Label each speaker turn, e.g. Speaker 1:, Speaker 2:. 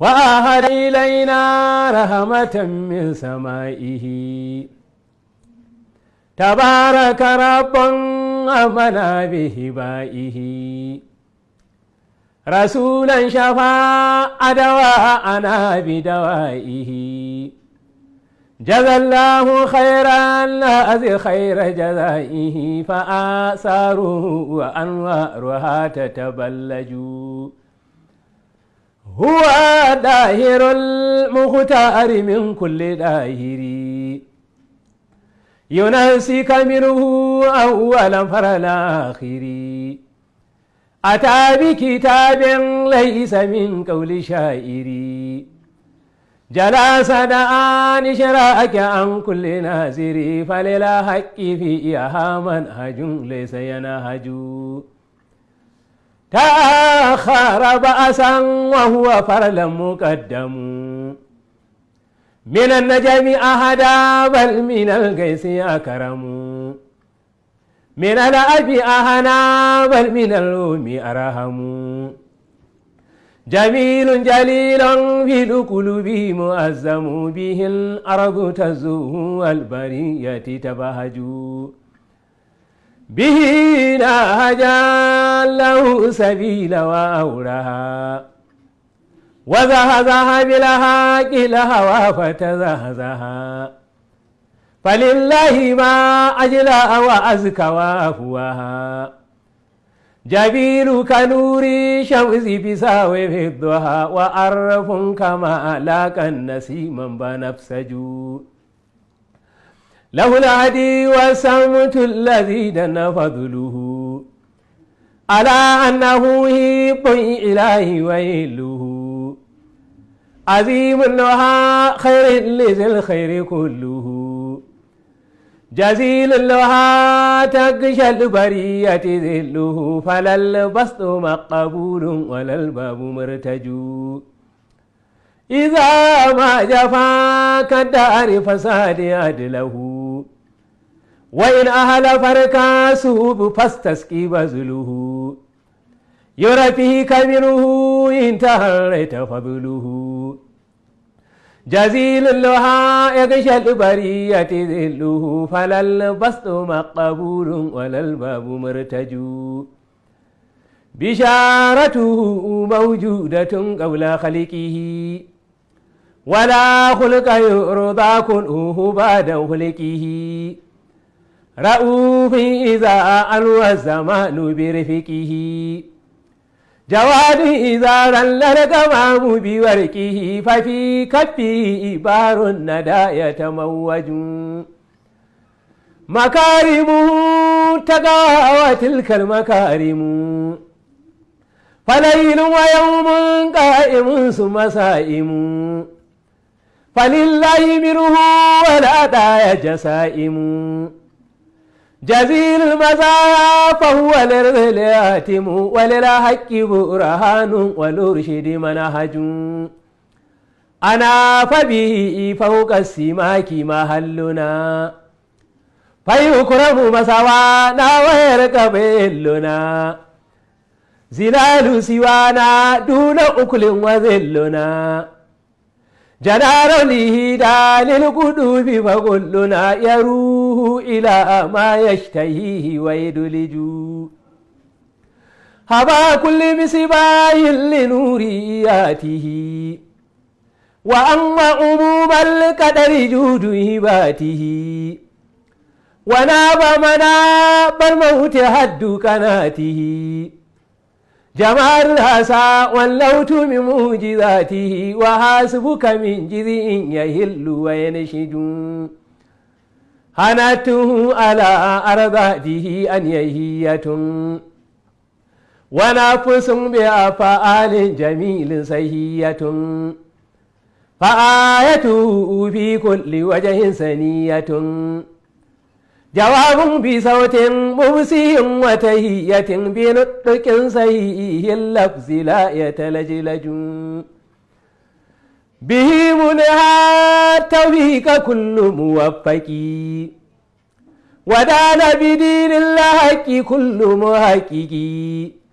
Speaker 1: وأهد إلينا رحمة من سمائه تبارك رب أمنا بهبائه رسولا شفى أدواءنا بدوائه جزى الله خيرا لا خير جزائه فآثاره وأنوارها تتبلجوا هو داهر المختار من كل داهر ينسيك منه أولا فالآخر أتى بكتاب ليس من قول شاعر جلا صدعان شراك عن كل نازر فللا حق في إياها منهج ليس ينهجو تأخر بأسا وهو فرل مقدم من النجم أهدى بل من القيس أكرم من الأب أهنا بل من الأم أرهم جميل جليل في القلوب مؤزم به الأرض تزوه والبرية تبهج به نهجا له سبيل وأولاها وزهزها بلها لهوى فتزهزها فلله ما أجلى وأزكى وأفواها جبيل كنور شمس بساوي في الضحى وأرف كما لاك النسيما بنفسجو له العدي وسمت الذين نفضلوه ألا أنه هيب إلهي ويله عظيم النهى خير لذي الخير كله جزيل لها تقشى البرية ذله فلا البسط مقبول ولا الباب مرتجو إذا ما جفاك الدار فساد أدله وإن أهل فركاسه فاستسقي بذله يرفيه كبره إن تهرت فضله جزيل اللها يغشى البرية ذله فلا البسط مقبول ولا الباب مرتجو بشارته موجودة قبل خلقه ولا خلق يرضى كنه بعد خلقه ra'ufin iza alwa zamanu bi rafiqihi jawadin iza rallar gama mu bi warqihi fa fi kaffi ibarun nada ya tamawwaju makarimu tagawa tilkal makarimu فليل ويوم قائم ثم سائم
Speaker 2: فلله منه ولا
Speaker 1: ta'ya jasa'imu جزيل المزايا فهو للهاتم وللحق برهان ولرشد منهج أنا فبه فوق السماك محلنا فيكرم مسوانا ويركب إلنا زلال سوانا دون أكل وذلنا جنار لهدا للقلوب فكلنا يروي إلى ما يشتهيه ويدلج
Speaker 2: هبا كل
Speaker 1: مصباح لنور ياته وأما عموم القدر جود هباته وناب مناب الموت هد كناته جمال الهساء واللوت من موجزاته وحاسبك من جذي يهل وينشجون هناته على أرضه أن أنيهية ونفس بأفعال جميل سهية فآيته في كل وجه سنية جواب بصوت مبسي وتهية بنطق سهيه اللفظ لا يتلجلج به منها التوفيق كل موفق
Speaker 2: ودان بدين
Speaker 1: الله كل محقق